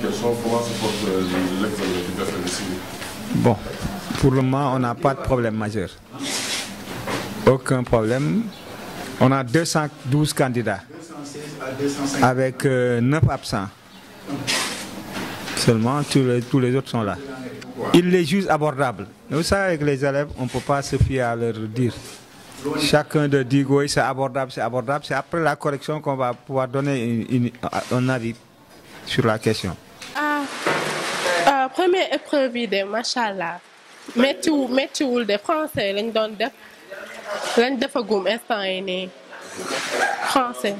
questions. Euh, bon, pour le moment, on n'a pas de problème majeur. Aucun problème. On a 212 candidats. Avec euh, absents. Seulement, tous les, tous les autres sont là. Ils les jugent abordables. Nous, avec les élèves, on ne peut pas se à leur dire. Chacun de dit, oui, c'est abordable, c'est abordable. C'est après la correction qu'on va pouvoir donner un avis sur la question. première épreuve de macha allah méttiwu de français lañ doon def lañ defagum instant yi nii français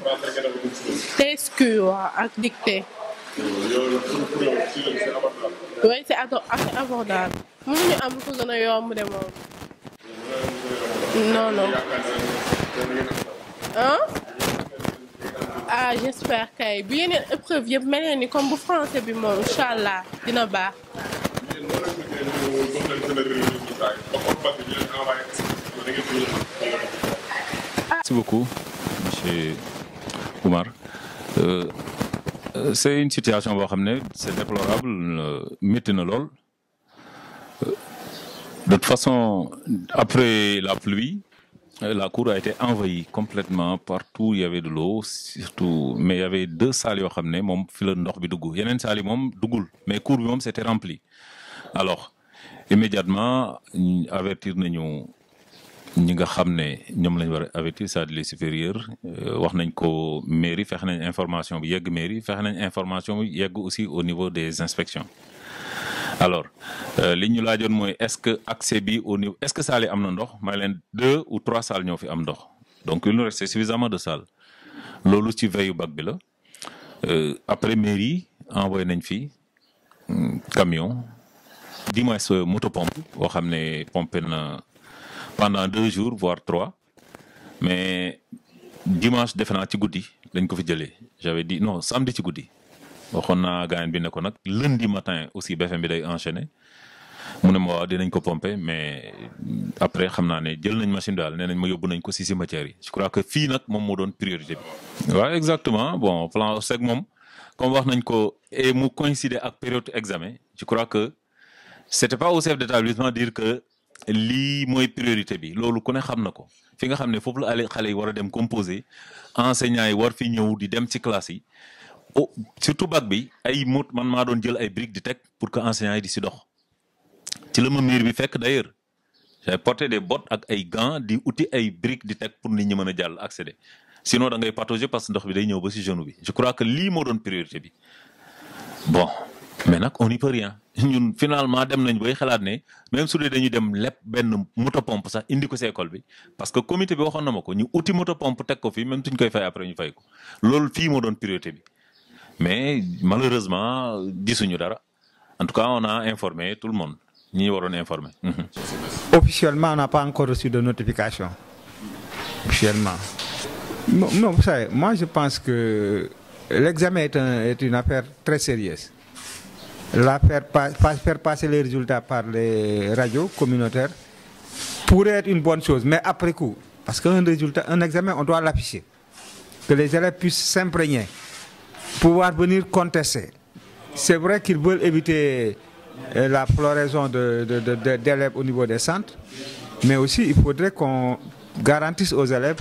TSQ waaw ak dictée. yooyu c'est assez ah, abordable. mënuñu am ku gën a yomb de moom. non non. ah. ah j' espère kay bu yeneen épreuve yëpp mel na ni comme bu français bi moom incha allah dina baax. Merci beaucoup, monsieur Oumar. Euh, euh, c'est une situation boo xam ne c'est déplorable euh, métti na lool euh, de toute façon après la pluie. Euh, la cour a été envahie complètement partout il y avait de l'eau surtout mais il deux salles yoo xam ne moom fi la ndox bi dugg yeneen salles moom duggul mais cour bi moom c'était rempli alors immédiatement avertir nañu ñi nga xam ne ñoom lañu war a avertir c'est-à-dire euh, wax nañ ko mairie fexe nañ information bi yegg mairie fexe nañ information bi yegg aussi au niveau des inspections alors euh, li ñu laajoon mooy est-ce que accès bi au niveau est-ce que salle am na ndox may leen deux ou trois salles ñoo fi am ndox donc il nous restait suffisamment de salles loolu ci veyu bac bi la euh, après mairie envoyé nañ fi hmm, camion di moins euh, moto pomp boo xam ne pompe na pendant deux jours voir trois mais dimanche defe naa ci guddi dañ ko fi jëlee j'avais di non samedi ci guddi. waxoon naa gaayen bi ne ko nag lundi matin aussi BFM bi day enchaîner mu ne ma waaw dinañ ko pompe mais après xam naa ne jël nañ machine daal nee nañ ma yóbbu nañ ko si cimetière yi je crois que fi nag moom moo doon priorité bi. waaw exactement bon plan ORSEC moom comme wax nañ ko mu coïncider ak période examen je crois que c'était pas au chef d'établissement dire que lii mooy priorité bi loolu ku ne xam na ko fi nga xam ne foofu la xale yi war a dem composé enseignants yi war fi ñëw di dem ci classe yi. oh surtout bac bi ay mot man maa doon jël ay briques di teg pour que enseignants yi di si dox ci la ma miir bi fekk d'ailleurs j'ai porté des bottes ak ay gants di uti ay briques di teg pour nit ñi mën a jàll accéder sinon da ngay patauger parce que ndox bi day ñëw ba si genou bi je crois que lii moo doon priorité bi bon mais nag on n'y peut rien ñun finalement dem nañ bay xalaat ne même su dee dañuy dem lépp benn moto pompe sax indi ko si école bi parce que comité bi waxoon na ma ko ñu ko fii même suñ koy fay après ñu loolu fii moo doon priorité bi. mais malheureusement gisuñu dara en tout cas on a informé tout le monde ñi waroon informé. Mhm. officiellement on n'a pas encore reçu de notification officiellement. non non je pense que l'examen est un est une affaire très sérieuse. la faire pas faire passer les résultats par les radios communautaires pourrait être une bonne chose mais après coup parce qu'un résultat un examen on doit l'afficher que les élèves puissent s'imprégner. pouvoir venir contester. C'est vrai qu'ils veulent éviter euh, la floraison d'élèves de, de, de, de au niveau des centres, mais aussi il faudrait qu'on garantisse aux élèves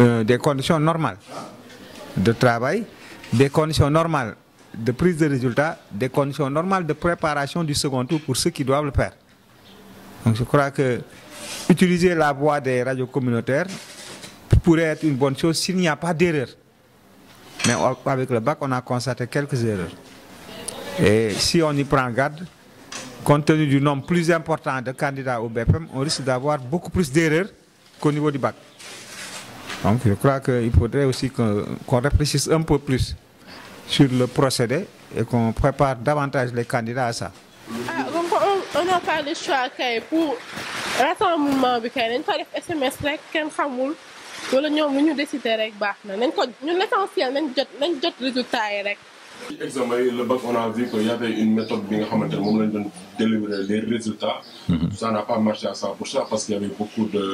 euh, des conditions normales de travail, des conditions normales de prise de résultats, des conditions de préparation du second tour pour ceux qui doivent le faire. Donc je crois que utiliser la voie des radios communautaires pourrait être une bonne chose s'il n'y a pas d'erreur. Mais avec le bac, on a constaté quelques erreurs. Et si on y prend garde, compte tenu du nombre plus important de candidats au BFM, on risque d'avoir beaucoup plus d'erreurs qu'au niveau du bac. Donc je crois qu'il faudrait aussi qu'on qu réfléchisse un peu plus sur le procédé et qu'on prépare davantage les candidats à ça. Ah, on a parlé de choix pour rassemblement bi kay dañ ko def SMS rek kenn xamul wala ñoom lu ñu décider rek baax na nañ ko ñun l'essentiel nañ jot nañ jot résultat yi rek. ci examen yi le bac on a vu que y avait une méthode bi nga xamante ne moom lañ doon délivrer les résultats. Mhm. ça n'a pas marché à 100 pour cent parce qu'il y avait beaucoup de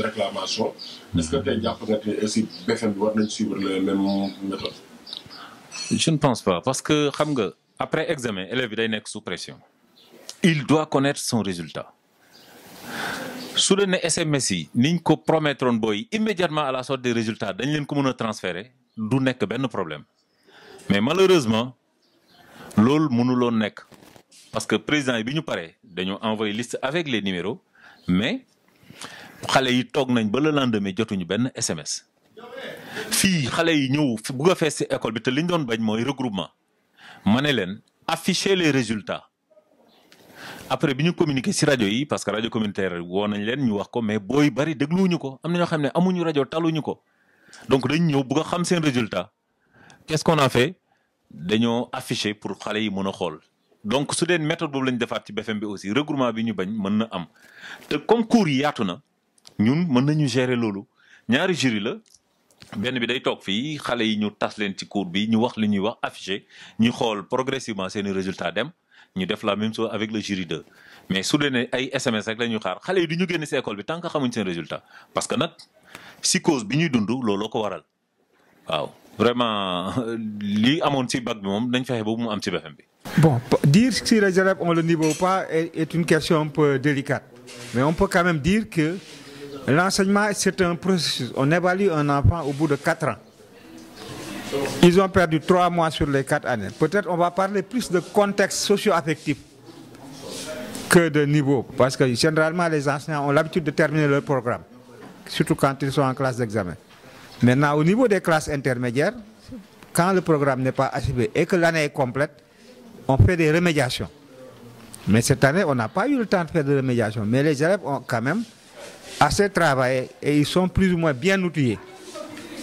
réclamations. Mhm. est-ce que tey jàpp nga te aussi BFM bi war nañ suivre les mêmes méthodes. je ne pense pas parce que xam nga après examen élève bi day nekk sous pression. il doit connaître son résultat. su leen ne SMS yi niñ ko promettoon booy immédiatement à la sortie des résultat dañ leen ko mën a transférer du nekk benn problème mais malheureusement loolu mënuloon nekk parce que président yi bi ñu paree dañoo envoyé liste avec les numéros mais xale yi toog nañ ba le lendemain jotuñu benn SMS fii xale yi ñëw bugg a fees si école bi te li ñu doon bañ mooy regroupement ma ne leen afficher les résultats. après bi ñu communiqué si rajo yi parce que rajo communautaire woo nañ leen ñu wax ko mais booy bari dégluwuñu ko am na ñoo xam ne amuñu rajo ñu ko donc dañu ñëw bëgg a xam seen résultat quest a fait dañoo afficher pour xale yi mën a xool donc su dee méthode boobu lañ defaat ci BFM bi aussi regroupement bi ñu bañ mën na am te comme cours yi yaatu na ñun mën nañu gérer loolu ñaari jury la benn bi day toog fii xale yi ñu tas leen ci cours bi ñu wax li ñuy wax affiché ñu xool progressivement seeni résultat dem ñu def la même chose avec le jury mais su dee ne ay SMS rek la xaar xale yi du ñu génn se école bi tant que xamuñ seen résultat parce que nag psychose bi ñuy dund looloo ko waral waaw vraiment li amoon si bac bi moom nañ fexe ba mu am si BFEM bi. bon dire si les élèves ont le niveau pas est, une question un peu délicate mais on peut quand même dire que l'enseignement c'est un processus on évalue un enfant au bout de quatre ans. Ils ont perdu trois mois sur les quatre années. Peut-être on va parler plus de contexte socio-affectif que de niveau. Parce que généralement, les enseignants ont l'habitude de terminer leur programme, surtout quand ils sont en classe d'examen. Maintenant, au niveau des classes intermédiaires, quand le programme n'est pas achevé et que l'année est complète, on fait des remédiations. Mais cette année, on n'a pas eu le temps Mais les élèves ont quand même assez travaillé et ils sont plus ou moins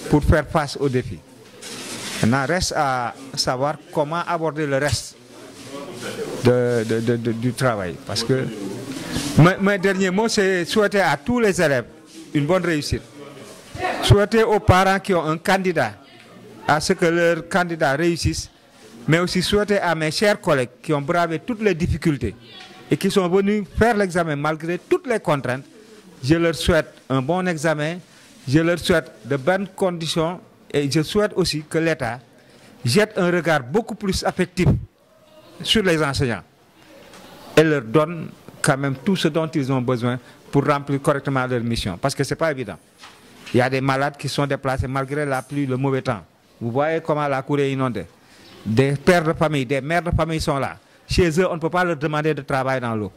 pour faire Maintenant, reste à savoir comment aborder le reste de, de, de, du travail. Parce que mon dernier mot, c'est souhaiter à tous les élèves une bonne réussite. Souhaiter aux parents qui ont un candidat à ce que leur candidat réussisse, mais aussi souhaiter à mes chers collègues qui ont bravé toutes les difficultés et qui sont venus faire l'examen malgré toutes les contraintes. Je leur souhaite un bon examen, je leur souhaite de bonnes conditions Et je souhaite aussi que l'État jette un regard beaucoup plus affectif sur les enseignants et leur donne quand même tout ce dont ils ont besoin pour remplir correctement leur mission. Parce que ce n'est pas évident. Il y a des malades qui sont déplacés malgré la pluie, le mauvais temps. Vous voyez comment la cour est inondée. Des pères de famille, des mères de sont là. Chez eux, on ne peut pas leur demander de travailler dans l'eau.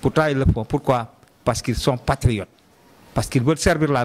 Pourtant, ils le font. Pourquoi Parce qu'ils sont patriotes. Parce qu'ils veulent servir la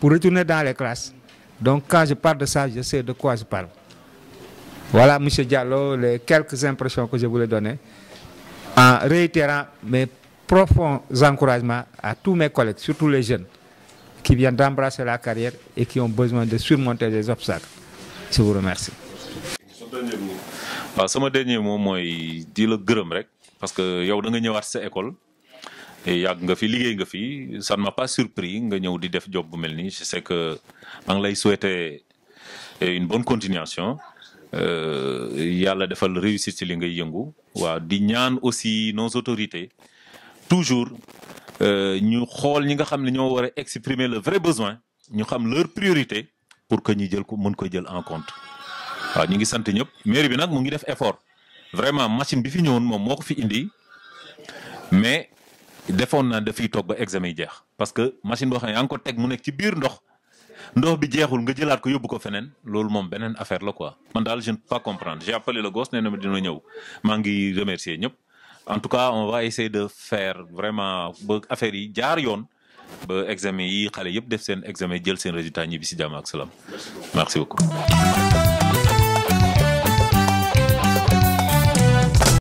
pour retourner dans les classes. Donc quand je parle de ça, je sais de quoi je parle. Voilà, monsieur Diallo, les quelques impressions que je voulais donner en réitérant mes profonds encouragements à tous mes collègues, surtout les jeunes, qui viennent d'embrasser la carrière et qui ont besoin de surmonter les obstacles. Je vous remercie. waaw sama dernier mot mooy di la gërëm rek parce que yow da nga ñëwaat sa école yàgg nga fi liggéey nga fi ça ne m'a pas surpris nga ñëw di def job bu mel nii je sais que maa ngi lay souhaiter une bonne continuation euh, yàlla defal réussir ci li ngay yëngu waaw di ñaan aussi nos autorités toujours euh, ñu xool ñi nga xam ne ñoo war exprimer le vrai besoin ñu xam leur priorité pour que ñu jël ko mën ko jël en compte waaw ñu ngi sant ñëpp mairie bi nag mu ngi def effort vraiment machine bi fi ñëwoon moom moo ko fi indi mais defoon naa dafiy toog ba examen yi jeex parce que machine boo xam ne yaa ngi ko teg mu nekk ci biir ndox ndox bi jeexul nga jëlaat ko yóbbu ko feneen loolu moom beneen affaire la quoi. man daal je ne peux pas comprendre j'ai appelé le gosse nee na ma dina ñëw maa ngi remercier ñëpp en tout cas on va essayer de faire vraiment ba affaire yi jaar yoon ba examen yi xale yëpp def seen examen jël seen résultat ñibbi si jàmm ak salaam merci beaucoup.